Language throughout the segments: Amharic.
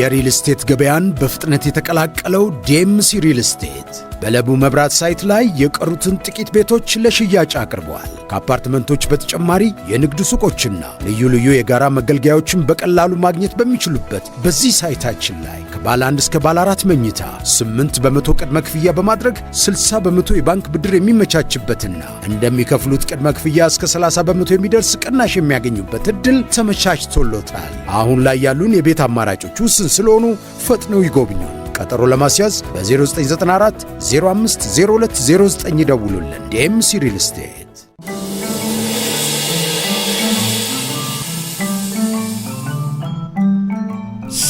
የሪል ስቴት ገበያን በፍጥነት የተቀላቀለው ዴምሲ ሪል ስቴት በለቡ መብራት ሳይት ላይ የቀሩትን ጥቂት ቤቶች ለሽያጭ አቅርበዋል። ከአፓርትመንቶች በተጨማሪ የንግድ ሱቆችና ልዩ ልዩ የጋራ መገልገያዎችን በቀላሉ ማግኘት በሚችሉበት በዚህ ሳይታችን ላይ ከባለ አንድ እስከ ባለ አራት መኝታ 8 በመቶ ቅድመ ክፍያ በማድረግ 60 በመቶ የባንክ ብድር የሚመቻችበትና እንደሚከፍሉት ቅድመ ክፍያ እስከ 30 በመቶ የሚደርስ ቅናሽ የሚያገኙበት እድል ተመቻችቶሎታል። አሁን ላይ ያሉን የቤት አማራጮች ውስን ስለሆኑ ፈጥነው ይጎብኙ። ቀጠሮ ለማስያዝ በ0994 05 0209 ይደውሉልን። ዲኤምሲ ሪል ስቴት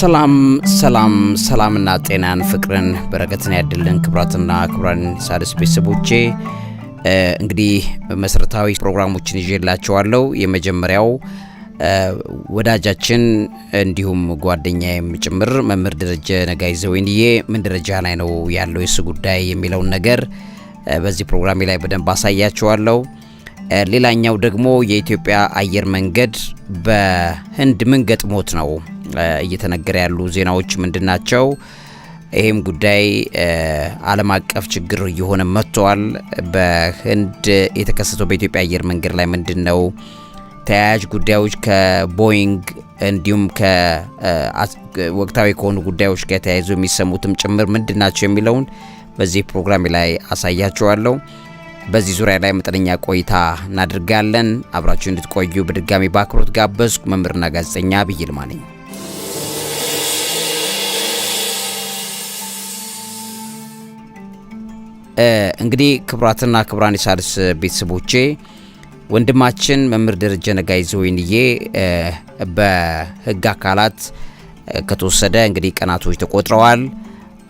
ሰላም ሰላም ሰላምና ጤናን ፍቅርን በረከትን ያድልን። ክብራትና ክብራን ሣድስ ቤተሰቦቼ እንግዲህ መሰረታዊ ፕሮግራሞችን ይዤላቸዋለሁ። የመጀመሪያው ወዳጃችን እንዲሁም ጓደኛዬም ጭምር መምህር ደረጀ ነጋይ ዘወይንዬ ምን ደረጃ ላይ ነው ያለው የሱ ጉዳይ የሚለውን ነገር በዚህ ፕሮግራሜ ላይ በደንብ አሳያችኋለሁ። ሌላኛው ደግሞ የኢትዮጵያ አየር መንገድ በህንድ ምን ገጥሞት ነው እየተነገረ ያሉ ዜናዎች ምንድን ናቸው? ይህም ጉዳይ ዓለም አቀፍ ችግር እየሆነ መጥተዋል። በህንድ የተከሰተው በኢትዮጵያ አየር መንገድ ላይ ምንድን ነው ተያያዥ ጉዳዮች ከቦይንግ እንዲሁም ወቅታዊ ከሆኑ ጉዳዮች ጋር ተያይዞ የሚሰሙትም ጭምር ምንድን ናቸው የሚለውን በዚህ ፕሮግራም ላይ አሳያችኋለሁ። በዚህ ዙሪያ ላይ መጠነኛ ቆይታ እናድርጋለን። አብራችሁ እንድትቆዩ በድጋሚ በአክብሮት ጋበዝኩ። መምህርና ጋዜጠኛ ዐቢይ ይልማ ነኝ። እንግዲህ ክቡራትና ክቡራን የሣድስ ቤተሰቦቼ ወንድማችን መምህር ደረጀ ነጋይ ዘወይንዬ በህግ አካላት ከተወሰደ እንግዲህ ቀናቶች ተቆጥረዋል።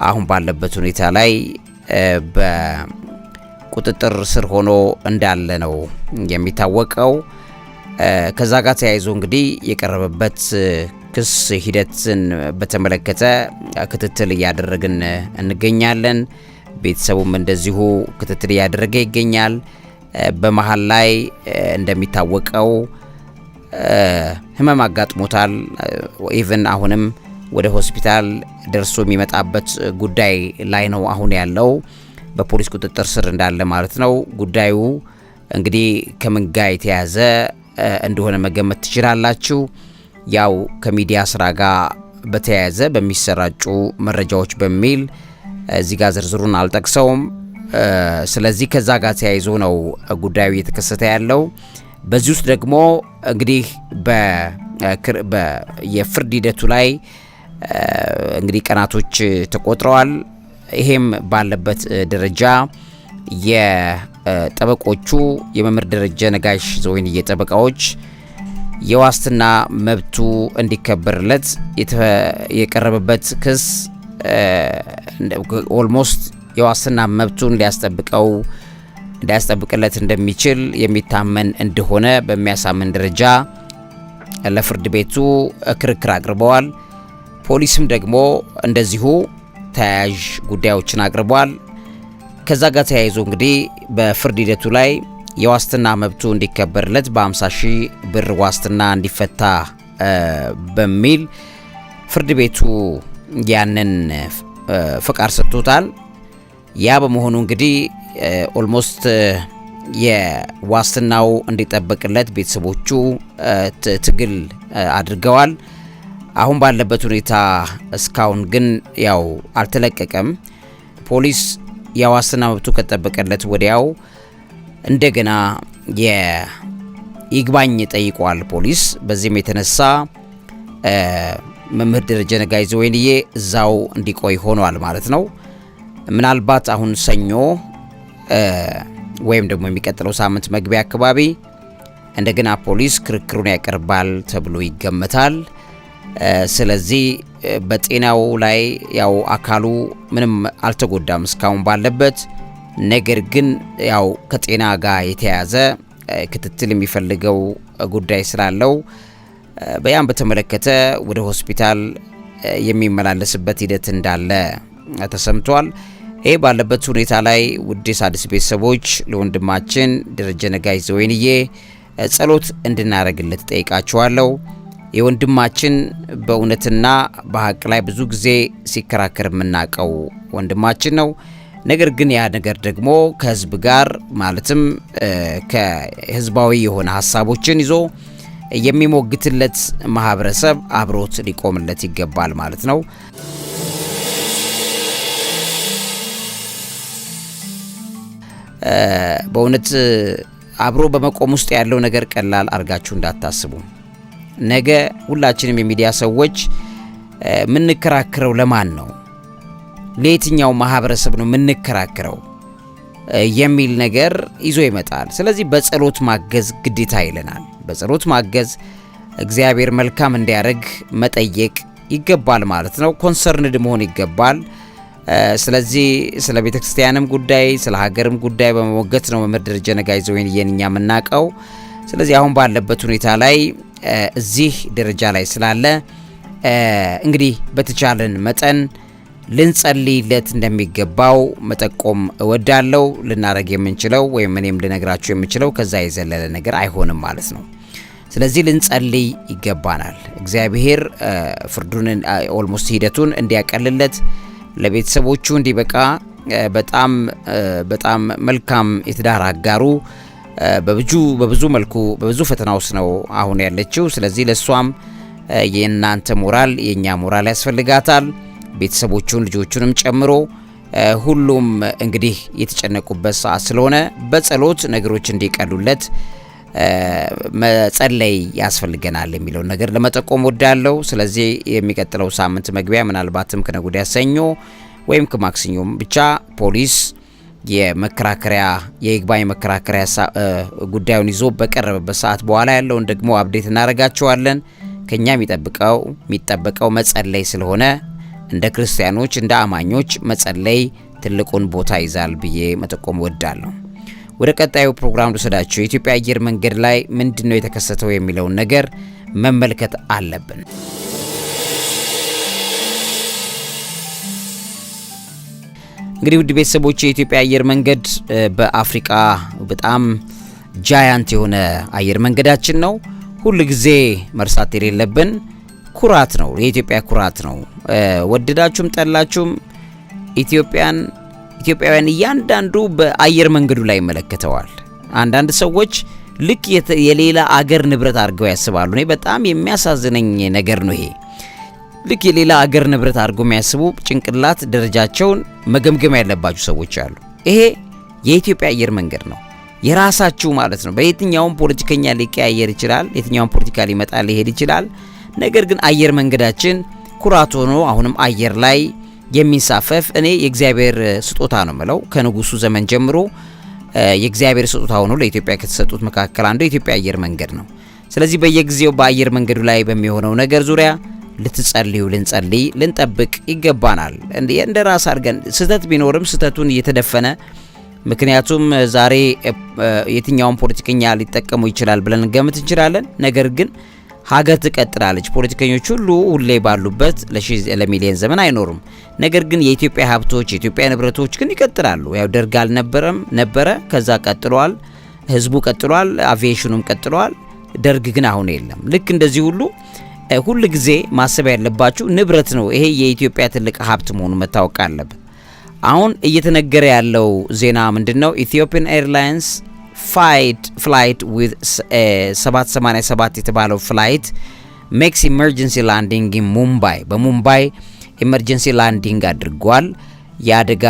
አሁን ባለበት ሁኔታ ላይ በቁጥጥር ስር ሆኖ እንዳለ ነው የሚታወቀው። ከዛ ጋር ተያይዞ እንግዲህ የቀረበበት ክስ ሂደትን በተመለከተ ክትትል እያደረግን እንገኛለን። ቤተሰቡም እንደዚሁ ክትትል እያደረገ ይገኛል። በመሀል ላይ እንደሚታወቀው ህመም አጋጥሞታል። ኢቭን አሁንም ወደ ሆስፒታል ደርሶ የሚመጣበት ጉዳይ ላይ ነው አሁን ያለው በፖሊስ ቁጥጥር ስር እንዳለ ማለት ነው። ጉዳዩ እንግዲህ ከምን ጋር የተያዘ እንደሆነ መገመት ትችላላችሁ። ያው ከሚዲያ ስራ ጋር በተያያዘ በሚሰራጩ መረጃዎች በሚል እዚህ ጋር ዝርዝሩን አልጠቅሰውም። ስለዚህ ከዛ ጋር ተያይዞ ነው ጉዳዩ እየተከሰተ ያለው። በዚህ ውስጥ ደግሞ እንግዲህ የፍርድ ሂደቱ ላይ እንግዲህ ቀናቶች ተቆጥረዋል። ይሄም ባለበት ደረጃ የጠበቆቹ የመምህር ደረጀ ነጋሽ ዘወይንዬ ጠበቃዎች የዋስትና መብቱ እንዲከበርለት የቀረበበት ክስ ኦልሞስት የዋስትና መብቱን ሊያስጠብቀው ሊያስጠብቅለት እንደሚችል የሚታመን እንደሆነ በሚያሳምን ደረጃ ለፍርድ ቤቱ ክርክር አቅርበዋል። ፖሊስም ደግሞ እንደዚሁ ተያያዥ ጉዳዮችን አቅርቧል። ከዛ ጋር ተያይዞ እንግዲህ በፍርድ ሂደቱ ላይ የዋስትና መብቱ እንዲከበርለት በ50 ሺህ ብር ዋስትና እንዲፈታ በሚል ፍርድ ቤቱ ያንን ፍቃድ ሰጥቶታል። ያ በመሆኑ እንግዲህ ኦልሞስት የዋስትናው እንዲጠበቅለት ቤተሰቦቹ ትግል አድርገዋል። አሁን ባለበት ሁኔታ እስካሁን ግን ያው አልተለቀቀም። ፖሊስ የዋስትና መብቱ ከጠበቀለት ወዲያው እንደገና የይግባኝ ጠይቋል ፖሊስ። በዚህም የተነሳ መምህር ደረጀ ነጋይ ዘወይንዬ እዛው እንዲቆይ ሆኗል ማለት ነው። ምናልባት አሁን ሰኞ ወይም ደግሞ የሚቀጥለው ሳምንት መግቢያ አካባቢ እንደገና ፖሊስ ክርክሩን ያቀርባል ተብሎ ይገመታል። ስለዚህ በጤናው ላይ ያው አካሉ ምንም አልተጎዳም እስካሁን ባለበት፣ ነገር ግን ያው ከጤና ጋር የተያያዘ ክትትል የሚፈልገው ጉዳይ ስላለው በያም በተመለከተ ወደ ሆስፒታል የሚመላለስበት ሂደት እንዳለ ተሰምቷል። ይህ ባለበት ሁኔታ ላይ ውድ አዲስ ቤተሰቦች ለወንድማችን ደረጀ ነጋሽ ዘወይንዬ ጸሎት እንድናደርግለት ጠይቃችኋለሁ። የወንድማችን በእውነትና በሀቅ ላይ ብዙ ጊዜ ሲከራከር የምናውቀው ወንድማችን ነው። ነገር ግን ያ ነገር ደግሞ ከህዝብ ጋር ማለትም ከህዝባዊ የሆነ ሀሳቦችን ይዞ የሚሞግትለት ማህበረሰብ አብሮት ሊቆምለት ይገባል ማለት ነው። በእውነት አብሮ በመቆም ውስጥ ያለው ነገር ቀላል አድርጋችሁ እንዳታስቡ። ነገ ሁላችንም የሚዲያ ሰዎች የምንከራከረው ለማን ነው፣ ለየትኛው ማህበረሰብ ነው የምንከራከረው? የሚል ነገር ይዞ ይመጣል። ስለዚህ በጸሎት ማገዝ ግዴታ ይለናል። በጸሎት ማገዝ እግዚአብሔር መልካም እንዲያደርግ መጠየቅ ይገባል ማለት ነው። ኮንሰርንድ መሆን ይገባል። ስለዚህ ስለ ቤተ ክርስቲያንም ጉዳይ ስለ ሀገርም ጉዳይ በመሞገት ነው መምህር ደረጀ ነጋይ ዘወይን እየንኛ የምናውቀው። ስለዚህ አሁን ባለበት ሁኔታ ላይ እዚህ ደረጃ ላይ ስላለ እንግዲህ በተቻለን መጠን ልንጸልይለት እንደሚገባው መጠቆም እወዳለሁ። ልናደረግ የምንችለው ወይም እኔም ልነግራችሁ የምችለው ከዛ የዘለለ ነገር አይሆንም ማለት ነው። ስለዚህ ልንጸልይ ይገባናል። እግዚአብሔር ፍርዱን ኦልሞስት ሂደቱን እንዲያቀልለት ለቤተሰቦቹ እንዲበቃ በጣም በጣም መልካም የትዳር አጋሩ በብዙ በብዙ መልኩ በብዙ ፈተና ውስጥ ነው አሁን ያለችው። ስለዚህ ለእሷም የእናንተ ሞራል የእኛ ሞራል ያስፈልጋታል። ቤተሰቦቹን ልጆቹንም ጨምሮ ሁሉም እንግዲህ የተጨነቁበት ሰዓት ስለሆነ በጸሎት ነገሮች እንዲቀሉለት መጸለይ ያስፈልገናል የሚለውን ነገር ለመጠቆም ወዳለው። ስለዚህ የሚቀጥለው ሳምንት መግቢያ ምናልባትም ከነገወዲያ ሰኞ ወይም ከማክሰኞም ብቻ ፖሊስ የመከራከሪያ የይግባኝ መከራከሪያ ጉዳዩን ይዞ በቀረበበት ሰዓት በኋላ ያለውን ደግሞ አብዴት እናደርጋቸዋለን። ከኛ የሚጠብቀው የሚጠበቀው መጸለይ ስለሆነ እንደ ክርስቲያኖች እንደ አማኞች መጸለይ ትልቁን ቦታ ይዛል ብዬ መጠቆም ወዳለሁ። ወደ ቀጣዩ ፕሮግራም ልውሰዳችሁ። የኢትዮጵያ አየር መንገድ ላይ ምንድን ነው የተከሰተው የሚለውን ነገር መመልከት አለብን። እንግዲህ ውድ ቤተሰቦች የኢትዮጵያ አየር መንገድ በአፍሪቃ በጣም ጃያንት የሆነ አየር መንገዳችን ነው። ሁል ጊዜ መርሳት የሌለብን ኩራት ነው፣ የኢትዮጵያ ኩራት ነው። ወደዳችሁም ጠላችሁም ኢትዮጵያን ኢትዮጵያውያን እያንዳንዱ በአየር መንገዱ ላይ ይመለከተዋል። አንዳንድ ሰዎች ልክ የሌላ አገር ንብረት አድርገው ያስባሉ። እኔ በጣም የሚያሳዝነኝ ነገር ነው ይሄ። ልክ የሌላ አገር ንብረት አድርገው የሚያስቡ ጭንቅላት ደረጃቸውን መገምገም ያለባቸው ሰዎች አሉ። ይሄ የኢትዮጵያ አየር መንገድ ነው፣ የራሳችሁ ማለት ነው። በየትኛውም ፖለቲከኛ ሊቀያየር ይችላል፣ የትኛውም ፖለቲካ ሊመጣ ሊሄድ ይችላል። ነገር ግን አየር መንገዳችን ኩራት ሆኖ አሁንም አየር ላይ የሚንሳፈፍ እኔ የእግዚአብሔር ስጦታ ነው ምለው። ከንጉሱ ዘመን ጀምሮ የእግዚአብሔር ስጦታ ሆኖ ለኢትዮጵያ ከተሰጡት መካከል አንዱ የኢትዮጵያ አየር መንገድ ነው። ስለዚህ በየጊዜው በአየር መንገዱ ላይ በሚሆነው ነገር ዙሪያ ልትጸልዩ፣ ልንጸልይ፣ ልንጠብቅ ይገባናል። እንደ ራስ አድርገን ስህተት ቢኖርም ስህተቱን እየተደፈነ ምክንያቱም ዛሬ የትኛውን ፖለቲከኛ ሊጠቀሙ ይችላል ብለን ገምት እንችላለን። ነገር ግን ሀገር ትቀጥላለች። ፖለቲከኞች ሁሉ ሁሌ ባሉበት ለሺህ ለሚሊዮን ዘመን አይኖሩም። ነገር ግን የኢትዮጵያ ሀብቶች፣ የኢትዮጵያ ንብረቶች ግን ይቀጥላሉ። ያው ደርግ አልነበረም ነበረ፣ ከዛ ቀጥሏል፣ ህዝቡ ቀጥሏል፣ አቪዬሽኑም ቀጥሏል። ደርግ ግን አሁን የለም። ልክ እንደዚህ ሁሉ ሁል ጊዜ ማሰብ ያለባችሁ ንብረት ነው። ይሄ የኢትዮጵያ ትልቅ ሀብት መሆኑ መታወቅ አለበት። አሁን እየተነገረ ያለው ዜና ምንድን ነው? ኢትዮጵያን ኤርላይንስ ፋይት ፍላይት ዊዝ 787 የተባለው ፍላይት ሜክስ ኢመርጀንሲ ላንዲንግ ኢን ሙምባይ በሙምባይ ኢመርጀንሲ ላንዲንግ አድርጓል። የአደጋ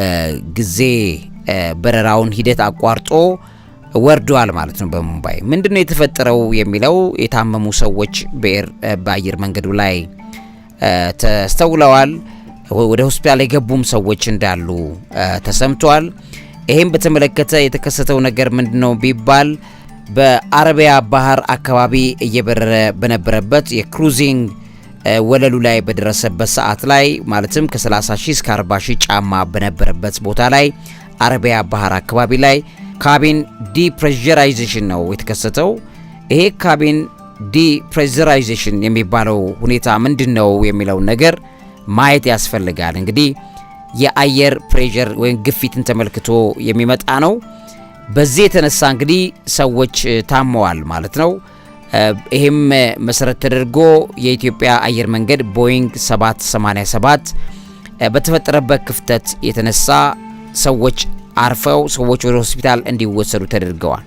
eh, ጊዜ eh, በረራውን ሂደት አቋርጦ ወርዷል ማለት ነው። በሙምባይ ምንድነው የተፈጠረው የሚለው የታመሙ ሰዎች eh, በአየር መንገዱ ላይ ተስተውለዋል። ወደ ሆስፒታል የገቡም ሰዎች እንዳሉ ተሰምቷል። ይህም በተመለከተ የተከሰተው ነገር ምንድነው ቢባል በአረቢያ ባህር አካባቢ እየበረረ በነበረበት የክሩዚንግ ወለሉ ላይ በደረሰበት ሰዓት ላይ ማለትም ከ30 ሺህ እስከ 40 ሺህ ጫማ በነበረበት ቦታ ላይ አረቢያ ባህር አካባቢ ላይ ካቢን ዲፕሬዠራይዜሽን ነው የተከሰተው። ይሄ ካቢን ዲፕሬዠራይዜሽን የሚባለው ሁኔታ ምንድን ነው የሚለውን ነገር ማየት ያስፈልጋል እንግዲህ የአየር ፕሬዠር ወይም ግፊትን ተመልክቶ የሚመጣ ነው። በዚህ የተነሳ እንግዲህ ሰዎች ታመዋል ማለት ነው። ይህም መሰረት ተደርጎ የኢትዮጵያ አየር መንገድ ቦይንግ 787 በተፈጠረበት ክፍተት የተነሳ ሰዎች አርፈው ሰዎች ወደ ሆስፒታል እንዲወሰዱ ተደርገዋል።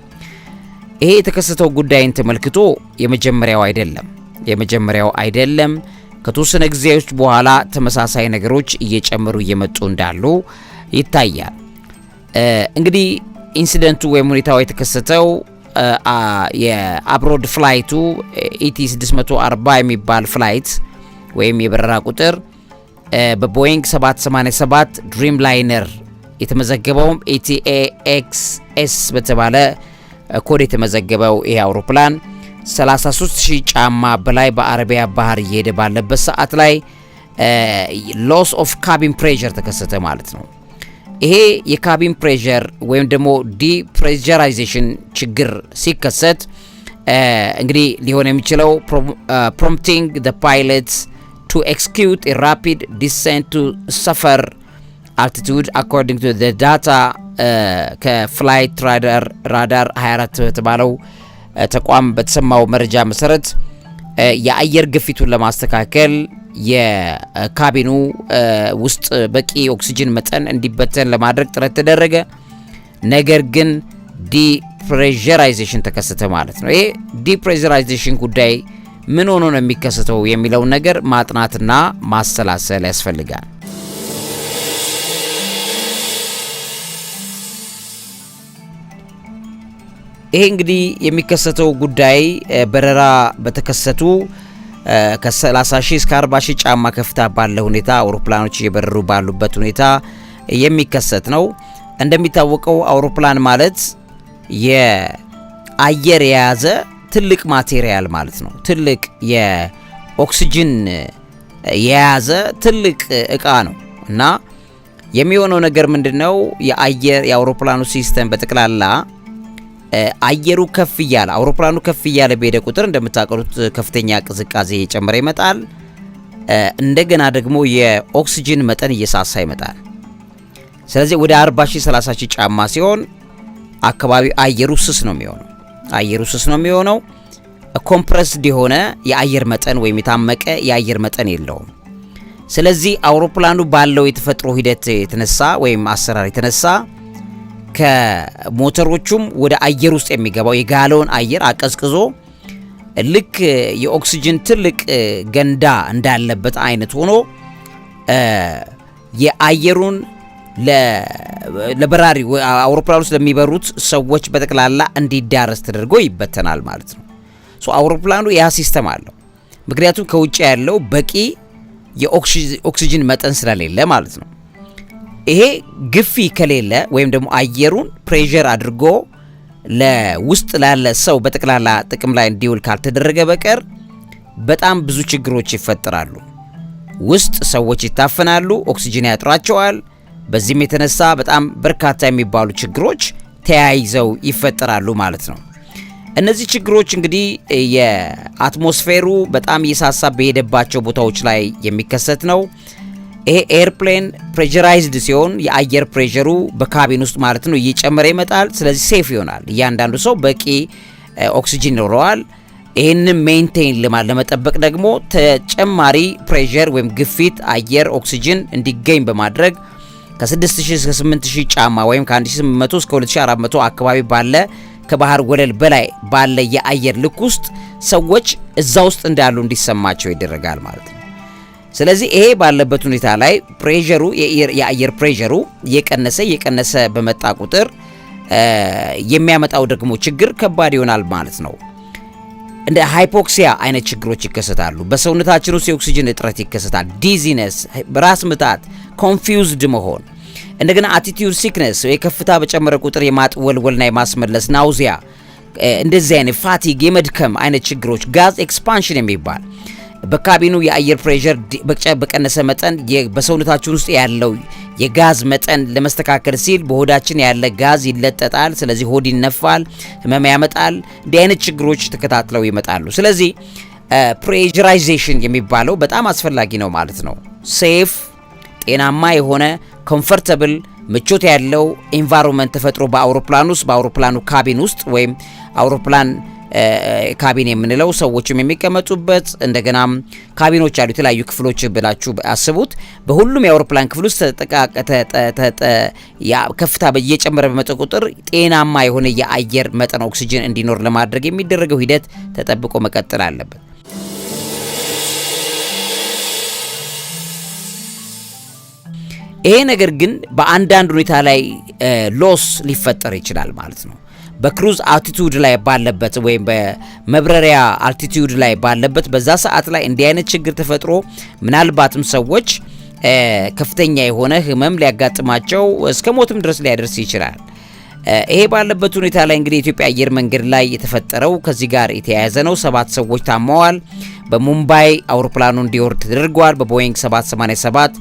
ይሄ የተከሰተው ጉዳይን ተመልክቶ የመጀመሪያው አይደለም የመጀመሪያው አይደለም። ከተወሰነ ጊዜዎች በኋላ ተመሳሳይ ነገሮች እየጨመሩ እየመጡ እንዳሉ ይታያል። እንግዲህ ኢንሲደንቱ ወይም ሁኔታው የተከሰተው የአብሮድ ፍላይቱ ኢቲ 640 የሚባል ፍላይት ወይም የበረራ ቁጥር በቦይንግ 787 ድሪም ላይነር የተመዘገበውም ኤቲኤ ኤክስ ኤስ በተባለ ኮድ የተመዘገበው ይህ አውሮፕላን 33,000 ጫማ በላይ በአረቢያ ባህር እየሄደ ባለበት ሰዓት ላይ ሎስ ኦፍ ካቢን ፕሬዠር ተከሰተ ማለት ነው። ይሄ የካቢን ፕሬዠር ወይም ደግሞ ዲፕሬዠራይዜሽን ችግር ሲከሰት እንግዲህ ሊሆን የሚችለው ፕሮምፕቲንግ ዘ ፓይለትስ ቱ ኤክስኪዩት ራፒድ ዲሴንት ቱ ሰፈር አልቲቱድ አኮርዲንግ ቱ ዳታ ከፍላይት ራዳር 24 በተባለው ተቋም በተሰማው መረጃ መሰረት የአየር ግፊቱን ለማስተካከል የካቢኑ ውስጥ በቂ ኦክሲጅን መጠን እንዲበተን ለማድረግ ጥረት ተደረገ። ነገር ግን ዲፕሬዠራይዜሽን ተከሰተ ማለት ነው። ይሄ ዲፕሬዠራይዜሽን ጉዳይ ምን ሆኖ ነው የሚከሰተው የሚለውን ነገር ማጥናትና ማሰላሰል ያስፈልጋል። ይሄ እንግዲህ የሚከሰተው ጉዳይ በረራ በተከሰቱ ከ30 ሺህ እስከ 40 ሺህ ጫማ ከፍታ ባለ ሁኔታ አውሮፕላኖች እየበረሩ ባሉበት ሁኔታ የሚከሰት ነው። እንደሚታወቀው አውሮፕላን ማለት የአየር የያዘ ትልቅ ማቴሪያል ማለት ነው። ትልቅ የኦክሲጅን የያዘ ትልቅ እቃ ነው እና የሚሆነው ነገር ምንድነው? የአየር የአውሮፕላኑ ሲስተም በጠቅላላ አየሩ ከፍ እያለ አውሮፕላኑ ከፍ እያለ በሄደ ቁጥር እንደምታቀሩት ከፍተኛ ቅዝቃዜ እየጨመረ ይመጣል። እንደገና ደግሞ የኦክሲጅን መጠን እየሳሳ ይመጣል። ስለዚህ ወደ 40 ሺህ 30 ሺህ ጫማ ሲሆን አካባቢ አየሩ ስስ ነው የሚሆነው። አየሩ ስስ ነው የሚሆነው። ኮምፕረስድ የሆነ የአየር መጠን ወይም የታመቀ የአየር መጠን የለውም። ስለዚህ አውሮፕላኑ ባለው የተፈጥሮ ሂደት የተነሳ ወይም አሰራር የተነሳ ከሞተሮቹም ወደ አየር ውስጥ የሚገባው የጋለውን አየር አቀዝቅዞ ልክ የኦክሲጅን ትልቅ ገንዳ እንዳለበት አይነት ሆኖ የአየሩን ለበራሪ አውሮፕላን ውስጥ ለሚበሩት ሰዎች በጠቅላላ እንዲዳረስ ተደርጎ ይበተናል ማለት ነው። አውሮፕላኑ ያ ሲስተም አለው። ምክንያቱም ከውጭ ያለው በቂ የኦክሲጅን መጠን ስለሌለ ማለት ነው። ይሄ ግፊ ከሌለ ወይም ደግሞ አየሩን ፕሬዠር አድርጎ ለውስጥ ላለ ሰው በጠቅላላ ጥቅም ላይ እንዲውል ካልተደረገ በቀር በጣም ብዙ ችግሮች ይፈጠራሉ። ውስጥ ሰዎች ይታፈናሉ፣ ኦክሲጅን ያጥራቸዋል። በዚህም የተነሳ በጣም በርካታ የሚባሉ ችግሮች ተያይዘው ይፈጠራሉ ማለት ነው። እነዚህ ችግሮች እንግዲህ የአትሞስፌሩ በጣም እየሳሳ በሄደባቸው ቦታዎች ላይ የሚከሰት ነው። ይሄ ኤርፕሌን ፕሬጀራይዝድ ሲሆን የአየር ፕሬሸሩ በካቢን ውስጥ ማለት ነው እየጨመረ ይመጣል። ስለዚህ ሴፍ ይሆናል። እያንዳንዱ ሰው በቂ ኦክሲጂን ይኖረዋል። ይህንን ሜንቴን ልማል ለመጠበቅ ደግሞ ተጨማሪ ፕሬሸር ወይም ግፊት አየር ኦክሲጂን እንዲገኝ በማድረግ ከ6000 እስከ 8000 ጫማ ወይም ከ1800 እስከ 2400 አካባቢ ባለ ከባህር ወለል በላይ ባለ የአየር ልክ ውስጥ ሰዎች እዛ ውስጥ እንዳሉ እንዲሰማቸው ይደረጋል ማለት ነው። ስለዚህ ይሄ ባለበት ሁኔታ ላይ ፕሬሩ የአየር ፕሬሩ እየቀነሰ እየቀነሰ በመጣ ቁጥር የሚያመጣው ደግሞ ችግር ከባድ ይሆናል ማለት ነው። እንደ ሃይፖክሲያ አይነት ችግሮች ይከሰታሉ። በሰውነታችን ውስጥ የኦክሲጅን እጥረት ይከሰታል። ዲዚነስ፣ ራስ ምታት፣ ኮንፊውዝድ መሆን፣ እንደገና አቲቲዩድ ሲክነስ፣ የከፍታ በጨመረ ቁጥር የማጥወልወልና የማስመለስ ናውዚያ፣ እንደዚህ አይነት ፋቲግ፣ የመድከም አይነት ችግሮች፣ ጋዝ ኤክስፓንሽን የሚባል በካቢኑ የአየር ፕሬሸር በቀነሰ መጠን በሰውነታችን ውስጥ ያለው የጋዝ መጠን ለመስተካከል ሲል በሆዳችን ያለ ጋዝ ይለጠጣል። ስለዚህ ሆድ ይነፋል፣ ህመም ያመጣል። እንዲህ አይነት ችግሮች ተከታትለው ይመጣሉ። ስለዚህ ፕሬሸራይዜሽን የሚባለው በጣም አስፈላጊ ነው ማለት ነው። ሴፍ ጤናማ የሆነ ኮምፈርተብል ምቾት ያለው ኢንቫይሮንመንት ተፈጥሮ በአውሮፕላን ውስጥ በአውሮፕላኑ ካቢን ውስጥ ወይም አውሮፕላን ካቢኔ የምንለው ሰዎችም የሚቀመጡበት እንደገናም ካቢኖች አሉ። የተለያዩ ክፍሎች ብላችሁ አስቡት። በሁሉም የአውሮፕላን ክፍል ውስጥ ከፍታ እየጨመረ በመጠ ቁጥር ጤናማ የሆነ የአየር መጠን ኦክሲጅን እንዲኖር ለማድረግ የሚደረገው ሂደት ተጠብቆ መቀጠል አለበት። ይሄ ነገር ግን በአንዳንድ ሁኔታ ላይ ሎስ ሊፈጠር ይችላል ማለት ነው። በክሩዝ አልቲቱድ ላይ ባለበት ወይም በመብረሪያ አልቲቱድ ላይ ባለበት በዛ ሰዓት ላይ እንዲህ አይነት ችግር ተፈጥሮ ምናልባትም ሰዎች ከፍተኛ የሆነ ህመም ሊያጋጥማቸው እስከ ሞትም ድረስ ሊያደርስ ይችላል። ይሄ ባለበት ሁኔታ ላይ እንግዲህ የኢትዮጵያ አየር መንገድ ላይ የተፈጠረው ከዚህ ጋር የተያያዘ ነው። ሰባት ሰዎች ታመዋል። በሙምባይ አውሮፕላኑ እንዲወርድ ተደርጓል። በቦይንግ 787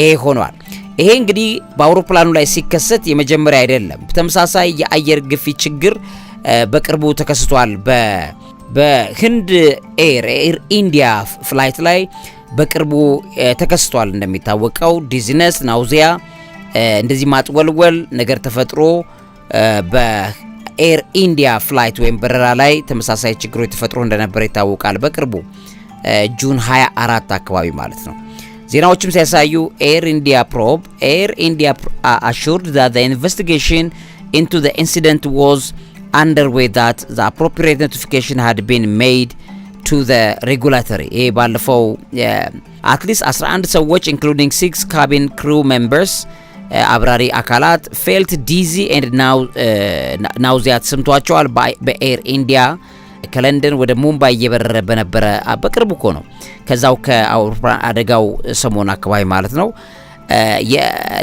ይሄ ሆኗል። ይሄ እንግዲህ በአውሮፕላኑ ላይ ሲከሰት የመጀመሪያ አይደለም። ተመሳሳይ የአየር ግፊት ችግር በቅርቡ ተከስቷል። በህንድ ኤር ኤር ኢንዲያ ፍላይት ላይ በቅርቡ ተከስቷል። እንደሚታወቀው ዲዝነስ፣ ናውዚያ፣ እንደዚህ ማጥወልወል ነገር ተፈጥሮ በኤር ኢንዲያ ፍላይት ወይም በረራ ላይ ተመሳሳይ ችግሮች ተፈጥሮ እንደነበረ ይታወቃል። በቅርቡ ጁን 24 አካባቢ ማለት ነው። ዜናዎችም ሲያሳዩ ኤር ኢንዲያ ፕሮብ ኤር ኢንዲያ አሹርድ ዛት ዘ ኢንቨስቲጌሽን ኢንቱ ዘ ኢንሲደንት ዋዝ አንደርዌይ ዛት ዘ አፕሮፕሪየት ኖቲፊኬሽን ሃድ ቢን ሜድ ቱ ዘ ሬጉላተሪ። ይሄ ባለፈው አትሊስት 11 ሰዎች ኢንክሉዲንግ ሲክስ ካቢን ክሩ ሜምበርስ አብራሪ አካላት ፌልት ዲዚ ኤንድ ናውዚያት ሰምቷቸዋል በኤር ኢንዲያ ከለንደን ወደ ሙምባይ እየበረረ በነበረ በቅርብ እኮ ነው ከዛው ከአውሮፕላን አደጋው ሰሞን አካባቢ ማለት ነው።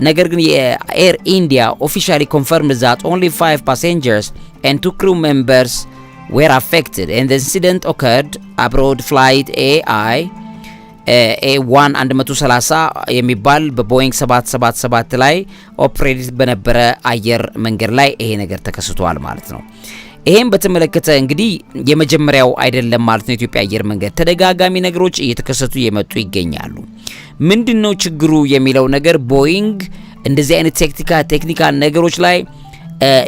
ነገር ግን የኤር ኢንዲያ ኦፊሻሊ ኮንፈርም ዛት ኦንሊ ፋይቭ ፓሴንጀርስ ኤንድ ቱ ክሩ ሜምበርስ ዌር አፌክትድ ኤንድ ኢንሲደንት ኦከርድ አብሮድ ፍላይት ኤአይ ኤዋን 130 የሚባል በቦይንግ 777 ላይ ኦፕሬት በነበረ አየር መንገድ ላይ ይሄ ነገር ተከስቷል ማለት ነው። ይሄን በተመለከተ እንግዲህ የመጀመሪያው አይደለም ማለት ነው። ኢትዮጵያ አየር መንገድ ተደጋጋሚ ነገሮች እየተከሰቱ እየመጡ ይገኛሉ። ምንድነው ችግሩ የሚለው ነገር ቦይንግ እንደዚህ አይነት ቴክኒካ ቴክኒካል ነገሮች ላይ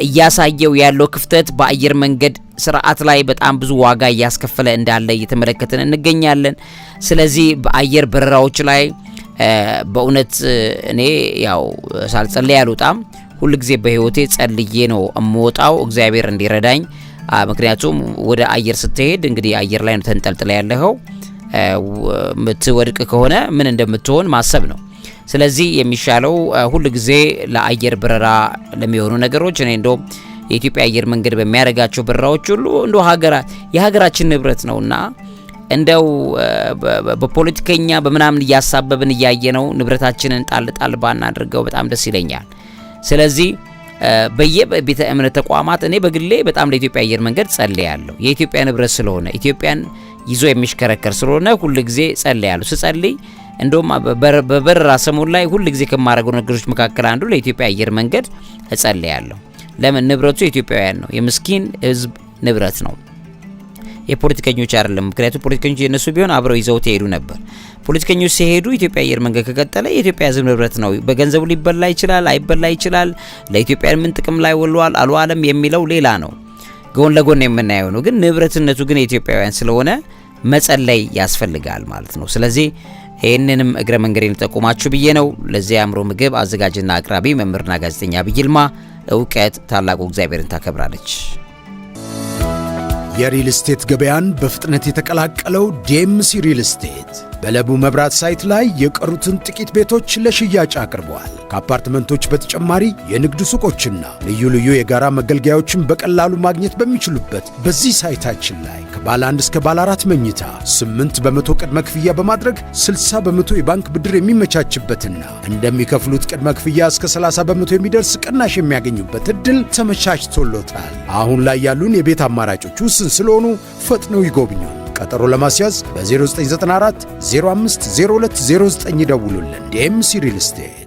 እያሳየው ያለው ክፍተት በአየር መንገድ ስርዓት ላይ በጣም ብዙ ዋጋ እያስከፈለ እንዳለ እየተመለከተን እንገኛለን። ስለዚህ በአየር በረራዎች ላይ በእውነት እኔ ያው ሳልጸልይ አልወጣም። ሁልጊዜ በህይወቴ ጸልዬ ነው እምወጣው እግዚአብሔር እንዲረዳኝ። ምክንያቱም ወደ አየር ስትሄድ እንግዲህ አየር ላይ ነው ተንጠልጥለ ያለኸው። ምትወድቅ ከሆነ ምን እንደምትሆን ማሰብ ነው። ስለዚህ የሚሻለው ሁልጊዜ ለአየር በረራ ለሚሆኑ ነገሮች እኔ እንደውም የኢትዮጵያ አየር መንገድ በሚያደርጋቸው በረራዎች ሁሉ እንደ ሀገራ የሀገራችን ንብረት ነውና እንደው በፖለቲከኛ በምናምን እያሳበብን እያየ ነው ንብረታችንን ጣል ጣል ባናድርገው በጣም ደስ ይለኛል። ስለዚህ በየቤተ እምነት ተቋማት እኔ በግሌ በጣም ለኢትዮጵያ አየር መንገድ ጸልያለሁ። የኢትዮጵያ ንብረት ስለሆነ ኢትዮጵያን ይዞ የሚሽከረከር ስለሆነ ሁል ጊዜ ጸልያለሁ። ስጸልይ እንደውም በበረራ ሰሞን ላይ ሁል ጊዜ ከማደርገው ነገሮች መካከል አንዱ ለኢትዮጵያ አየር መንገድ እጸልያለሁ። ለምን? ንብረቱ የኢትዮጵያውያን ነው። የምስኪን ህዝብ ንብረት ነው። የፖለቲከኞች አይደለም። ምክንያቱም ፖለቲከኞች የነሱ ቢሆን አብረው ይዘውት ይሄዱ ነበር። ፖለቲከኞች ሲሄዱ ኢትዮጵያ አየር መንገድ ከቀጠለ የኢትዮጵያ ሕዝብ ንብረት ነው። በገንዘቡ ሊበላ ይችላል፣ አይበላ ይችላል፣ ለኢትዮጵያ ምን ጥቅም ላይ ውሏል አልዋለም የሚለው ሌላ ነው። ጎን ለጎን የምናየው ነው። ግን ንብረትነቱ ግን የኢትዮጵያውያን ስለሆነ መጸለይ ያስፈልጋል ማለት ነው። ስለዚህ ይህንንም እግረ መንገዴን ልጠቁማችሁ ብዬ ነው። ለዚህ የአእምሮ ምግብ አዘጋጅና አቅራቢ መምህርና ጋዜጠኛ ዐቢይ ይልማ። እውቀት ታላቁ እግዚአብሔርን ታከብራለች። የሪል ስቴት ገበያን በፍጥነት የተቀላቀለው ዴምሲ ሪል ስቴት በለቡ መብራት ሳይት ላይ የቀሩትን ጥቂት ቤቶች ለሽያጭ አቅርበዋል። ከአፓርትመንቶች በተጨማሪ የንግድ ሱቆችና ልዩ ልዩ የጋራ መገልገያዎችን በቀላሉ ማግኘት በሚችሉበት በዚህ ሳይታችን ላይ ከባለ አንድ እስከ ባለ አራት መኝታ 8 በመቶ ቅድመ ክፍያ በማድረግ 60 በመቶ የባንክ ብድር የሚመቻችበትና እንደሚከፍሉት ቅድመ ክፍያ እስከ 30 በመቶ የሚደርስ ቅናሽ የሚያገኙበት እድል ተመቻችቶሎታል። አሁን ላይ ያሉን የቤት አማራጮች ውስን ስለሆኑ ፈጥነው ይጎብኙ። ቀጠሮ ለማስያዝ በ0994 050209 ደውሉልን። ዲኤምሲ ሪል ስቴት